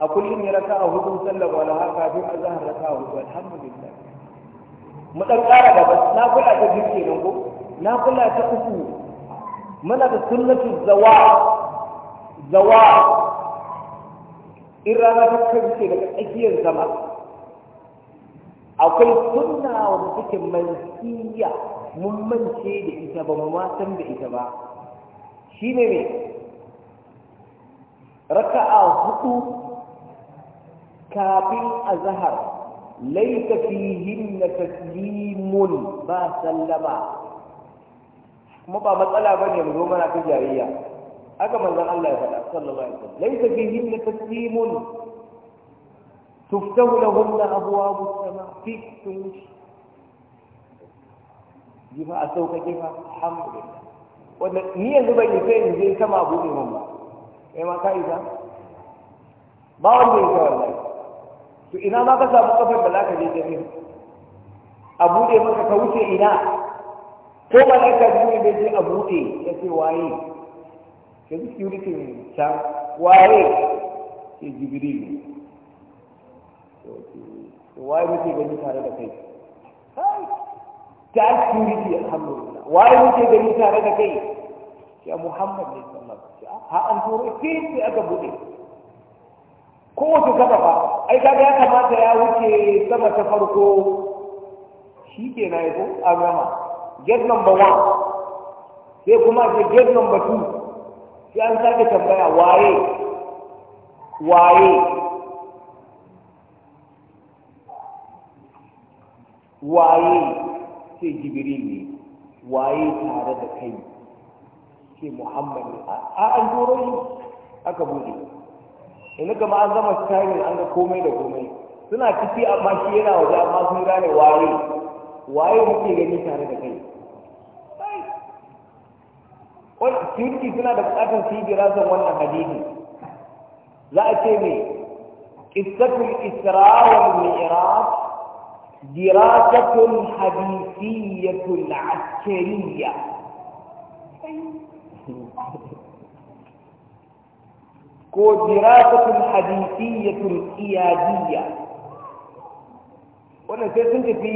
a kullum ya raka'a hudu sallar walaha kafin azhar raka'a hudu alhamdulillah mu ɗan ƙara gaba na kula ta jirgin kenan ko na kula ta uku muna da sunnatu zawa zawa in rana ta kance daga tsakiyar zama akwai sunna wanda take mansiya mun mance da ita ba mu san da ita ba shine ne raka'a hudu kafin azhar laita fihinna taslimun ba sallama kuma ba matsala ba ne mu zo mana ta jariya haka manzan Allah ya faɗa sallallahu alaihi wasallam hin la taslimun tuftahu lahum abwabu sama fi tunshi jifa ba a sauƙaƙe ba alhamdulillah wanda ni yanzu ban yi sai in je sama abu ne mun ba kai ma ka isa ba wanda ya wallahi to ina ma ka samu kafar da za ka je jami'a a buɗe maka ka wuce ina ko ba ne ka buɗe da ce a buɗe ya ce waye ka ji security can waye ke jibril waye muke gani tare da kai ta security alhamdulillah waye muke gani tare da kai ya muhammad ne sallallahu alaihi ha an turo ke ce aka buɗe kowace kafa ba ai kaga ya kamata ya wuce sama ta farko shi ke na yi ko a gama get number one sai kuma ce get number two sai an sake tambaya waye waye waye sai jibril ne waye tare da kai sai Muhammadu? a an turo yi aka bude yanzu kama an zama styling an ga komai da komai suna kifi amma mashi yana waje amma sun gane waye waye kake gani tare da kai wani sirki suna da bukatar su yi dirasan wannan hadisi za a ce me qissatul isra wal mi'raj dirasatun hadisiyyatul askariyya ko dirasatun hadisiyyatul iyadiyya wannan sai sun tafi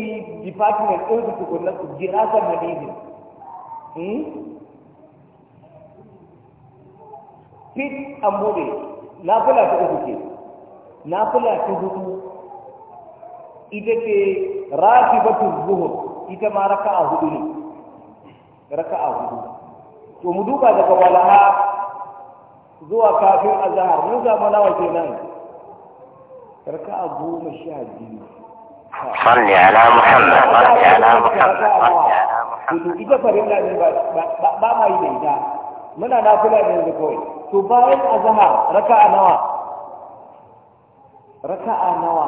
department ɗin su tukunan su jira sa hadisi hmm? fit an bude fula ta uku ke fula ta hudu ita ce rafi batu zuhur ita ma raka a hudu ne raka a hudu to mu duba daga walaha zuwa kafin zahar mun samu nawa kenan raka a goma sha biyu صل على محمد صل على محمد صل على محمد ita farilla ne ba ma yi da ita muna na kula yanzu kawai to bayan raka raka'a nawa raka'a nawa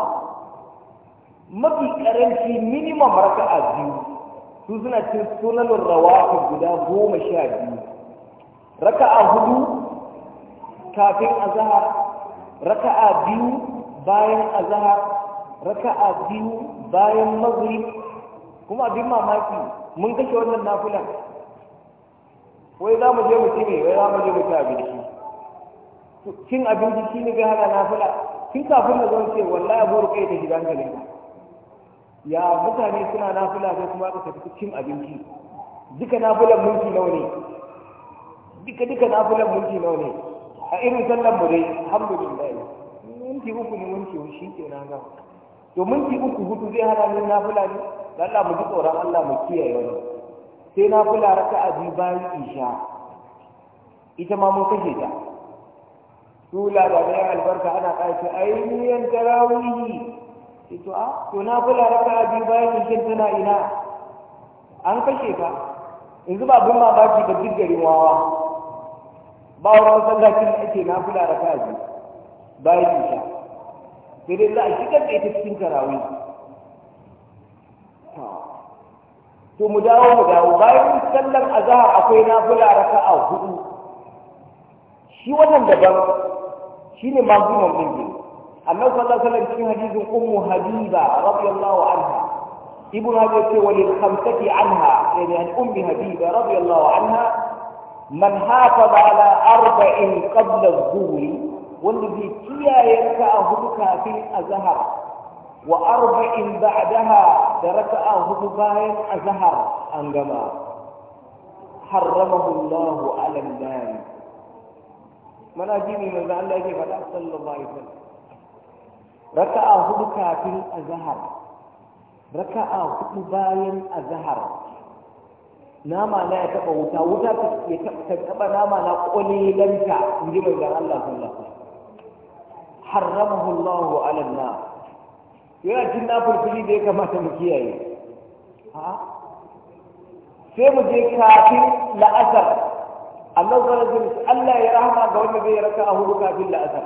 mafi karanci minimum raka'a biyu su suna cin sunanun rawafi guda goma sha biyu raka'a hudu kafin azhar raka'a biyu bayan azhar raka'a biyu bayan maghrib kuma abin mamaki mun kashe wannan nafilan wai za mu je mu ci ne wai za mu je mu ci abinci cin abinci shi ne ga hana nafila tun kafin na zan ce wallahi abu kai da gidan gare. ya mutane suna nafila sai kuma ka tafi cin abinci duka nafilan mulki nawa ne duka duka nafilan mulki nawa ne a irin sallan mu dai alhamdulillah minti uku ne minti shi ke na ga. to minti uku hudu zai hana ni fula ne da Allah mu ji tsoron Allah mu kiyaye wani sai nafila a biyu bayan isha ita ma mun kashe ta tula da bayan albarka ana ƙarfi ainihin tarawihi ito a to na kula a biyu bayan isha tana ina an kashe ka yanzu ba bin ba da ba garin wawa ba wurin sallakin da ake na kula a biyu bayan isha sai dai za a shigar da ita cikin tarawi to mu dawo mu dawo bayan sallar azhar akwai na nafila raka'a hudu shi wannan daban shine mazmunan din ne annabi sallallahu alaihi wasallam cikin hadisin ummu habiba radiyallahu anha ibnu hajar yace walil khamsati anha yani an ummi habiba radiyallahu anha man hafaza ala arba'in qabla az-zuhri wanda zai kiyaye a hudu kafin a zahar wa arba'in ba'daha da raka a hudu bayan a zahar an gama harramahu Allah 'ala an-nar mana jini zan Allah yake faɗa sallallahu alaihi wasallam a hudu kafin a zahar. Raka a hudu bayan a zahar. nama na ya taba wuta wuta ta taba nama na kwalelanta in ji manzo Allah sallallahu alaihi wasallam haramahu Allahu ala nar yana cin nafurfuli da ya kamata mu kiyaye sai mu je kafin la'asar Allah zalazin Allah ya rahama ga wanda zai raka a hudu kafin la'asar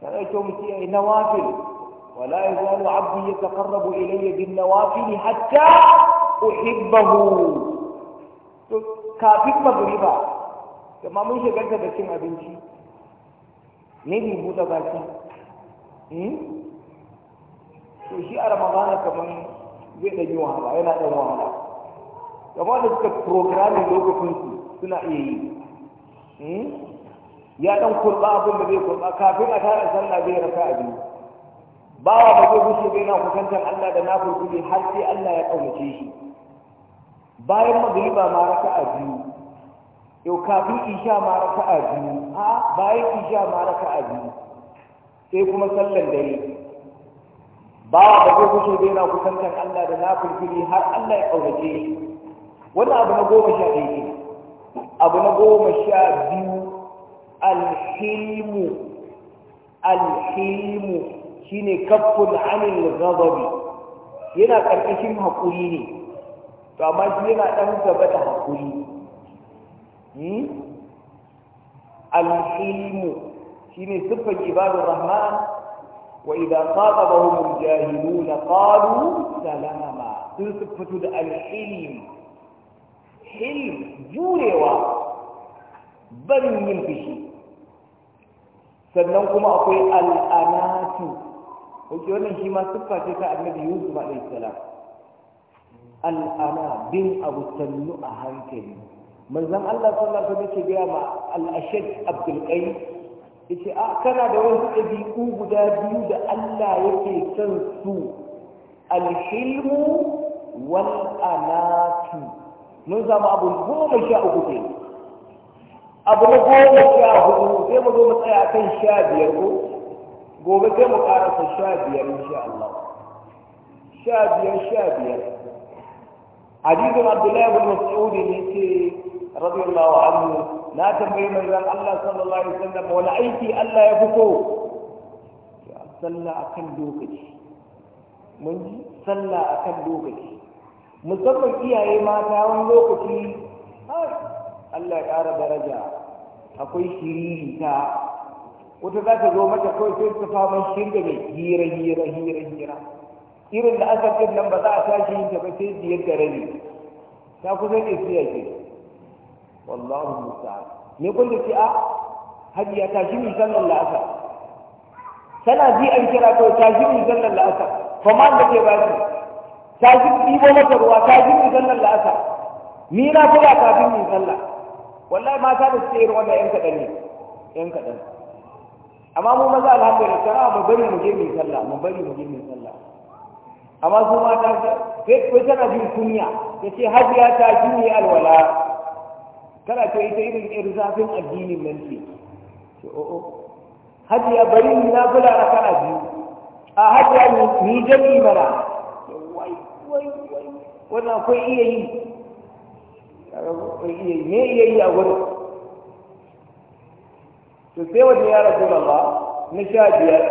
ta ɗauke mu kiyaye na wafil ولا يزال عبدي يتقرب إلي بالنوافل حتى أحبه كافيك مغربا mun من da cin abinci. maybe buɗe baki to shi a ramadana kamar zai ɗan yi wahala yana ɗan wahala kamar da suka programming lokacinsu suna iya yi hmm? ya ɗan kurɓa abin da zai kurɓa kafin a tara sallah zai raka a biyu bawa ba zai wuce bai na kusantar Allah da na kurkuri har sai Allah ya ƙaunace shi bayan magriba ma raka a biyu yau kafin isha ma raka'a biyu a bayan isha ma raka'a biyu sai kuma sallan dare ba da ko kushe da yana kusantar Allah da nafilfili har Allah ya kaunace shi wannan abu na goma sha ɗaya ne abu na goma sha biyu alhilmu alhilmu shine kaffun anil ghadabi yana ƙarƙashin hakuri ne to amma shi yana ɗan gaba da hakuri Hmm? alhilmu shine siffar ibadur rahman wa idza qatabahum aljahilun qalu salama sun siffatu da alhilm hilm jurewa barin yin fishi sannan kuma akwai al'anatu oke wannan shi ma siffa ce ta annabi yusuf alaihissalam al'ana bin abu sannu a hankali manzon Allah sallallahu alaihi wasallam yake gaya ma al-ashad Ita qais a kana da wasu ɗabi'u guda biyu da Allah yake son su al-hilmu wal anatu mun zama abu goma sha uku ke abu na goma sha hudu sai mu zo mu tsaya kan sha biyar ko gobe sai mu karasa sha biyar insha Allah sha biyar sha biyar hadisin abdullahi bin mas'ud ne ce radiyallahu anhu na tambayi manzon Allah sallallahu alaihi wasallam wani aiki Allah ya fito ya sallah akan lokaci mun ji sallah akan lokaci musamman iyaye mata wani lokaci Allah ya ƙara daraja akwai shiriri ta wata za ta zo mata kawai sai ta faman shirga mai hira hira hira hira irin da aka nan ba za a tashi yin ta ba sai biyar da rani ta kusan isiya ke wallahu Musa, me kun da ce a hajiya ta shi min sallar la'asar tana ji an kira ko ta shi min sallar la'asar ma da ke ba shi ta ji ibo mata ruwa ta ji min sallar la'asar ni na kula kafin min sallah wallahi ta da ce irin wannan yan kaɗan ne yan kaɗan amma mu maza alhamdulillah sana mu bari mu je min sallah mu bari mu je min sallah amma su mata sai ko tana jin kunya ya ce hajiya ta shi alwala kana ce ita irin irin zafin addinin nan ce ce o'o ya bari ni na fula a kana biyu a ya ni jami mana wai wai wai wannan akwai iya yi me iya yi a wurin to sai wani ya rasu da ba na sha biyar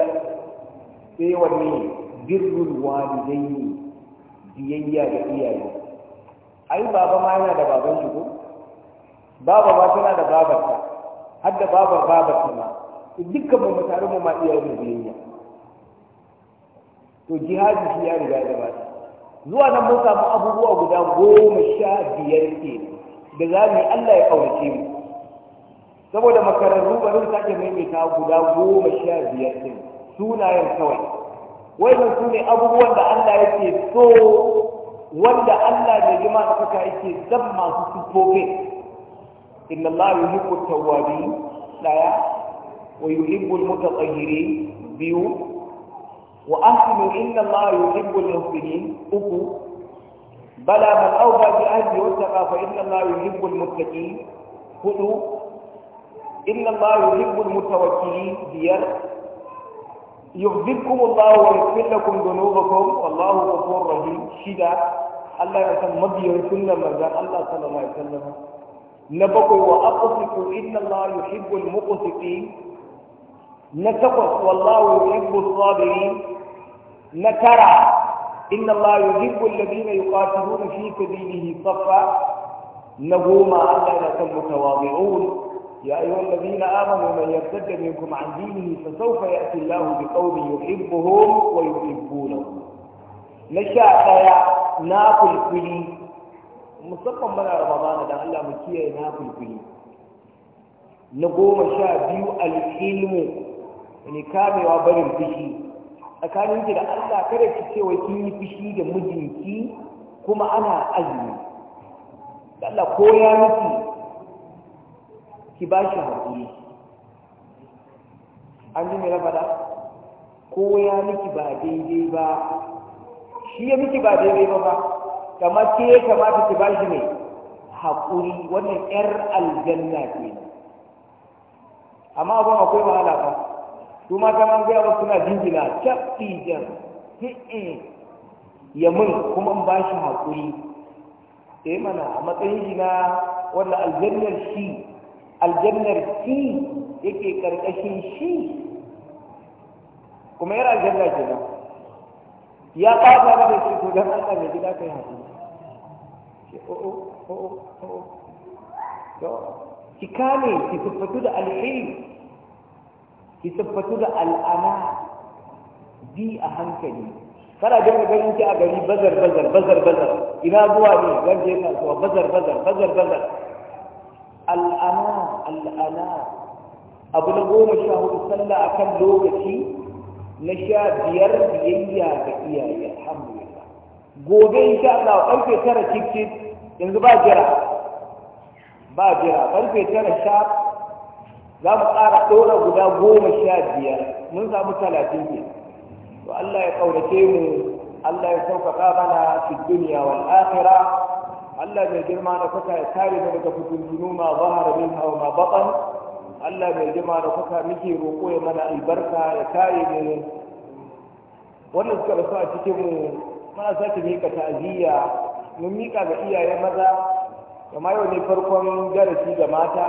sai wani birrul yi biyayya da iyaye ai baba ma yana da baban shi ko baba ma tana da babarta har da babar babarta ma dukkan mu mutare mu ma iyaye mu biyayya to jihadi shi ya riga da bata zuwa nan mun samu abubuwa guda goma sha biyar ke da za mu yi Allah ya kaunace mu saboda makararru ba zan sake maimaita guda goma sha biyar ɗin sunayen kawai Wai su ne abubuwan da Allah yake so wanda Allah da jima suka yake zan masu sufofin إن الله يحب التوابين لا ويحب المتطهرين بيو وأحسن إن الله يحب المحسنين أبو بلى من أوفى بأهل واتقى فإن الله يحب المتقين هدو إن الله يحب المتوكلين بير يغفركم الله ويغفر لكم ذنوبكم والله غفور رحيم شدا الله يسمى مبيا سنة من الله صلى الله عليه وسلم نبقي وأقسط إن الله يحب المقصفين نتقص والله يحب الصابرين نترى إن الله يحب الذين يقاتلون في سبيله صفا نقوم أننا متواضعون يا أيها الذين آمنوا من يرتد منكم عن دينه فسوف يأتي الله بقوم يحبهم ويحبونه نشأ ناكل كلي musamman muna ramadana da Allah mu kiyaye na kulkuli na goma sha biyu al'ilmu ne kamewa barin fushi tsakanin ki da Allah kada ki ce wai kin yi fushi da mijinki kuma ana azumi da Allah ko ya miki ki ba shi haƙuri an ji mai rafada ko ya miki ba daidai ba shi ya miki ba daidai ba ba kamar ke ya kamata ki ba shi ne haƙuri wannan 'yar aljanna ce amma abin akwai wahala ba su ma kamar man gaya ba suna jinjina cafi jan ya mun kuma in ba shi haƙuri eh mana a matsayin shi na wannan aljannar shi aljannar shi yake ƙarƙashin shi kuma 'yar aljanna ce ya kafa ba da shi ko dan Allah ne gida kai hakuri ke o o o o to ki kame ki tabbatu da alheri ki siffatu da al'ana bi a hankali kana dinga ganin ki a gari bazar bazar bazar bazar ina zuwa ne zan je kasuwa bazar bazar bazar bazar al'ana al'ana abu na goma sha hudu sallah akan lokaci na sha biyar biyayya ga iyaye alhamdulillah gobe sha Allah karfe tara cikin yanzu ba jira ba jira karfe tara sha za mu ƙara ɗora guda goma sha biyar mun samu talatin ke to Allah ya ƙaunace mu Allah ya sauƙaƙa mana fi duniya wal akhirah Allah mai girma na kuka ya kare mu daga fitintunu ma zahara minha hawa ma Allah mai jima da kuka muke roƙo ya mana albarka ya kare mu wannan suka rasu a cikin mu mana sake mika ta'aziyya mun mika ga iyayen maza kama yau ne farkon darasi ga mata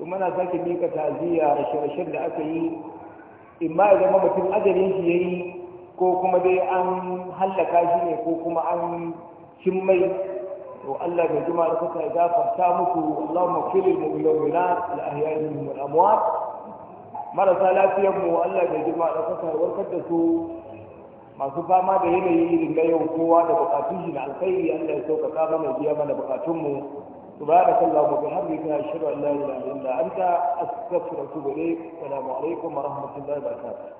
kuma mana sake mika ta'aziyya rashe-rashen da aka yi in ma ya zama mutum ajalin shi yayi ko kuma dai an hallaka shi ne ko kuma an cin mai والله بجمع لكم إذا فرسامكم اللهم اغفر للمؤمنات الأحياء منهم والأموات marasa lafiyanmu Allah bai girma da kasa warkar da su masu fama da yanayi irin na yau kowa da bukatun shi na alkhairi Allah ya sauƙaƙa mana biya mana bukatunmu subhanaka allahumma bihamdika ashhadu an la ilaha illa anta astaghfiruka wa atubu ilayk assalamu alaikum wa rahmatullahi wa barakatuh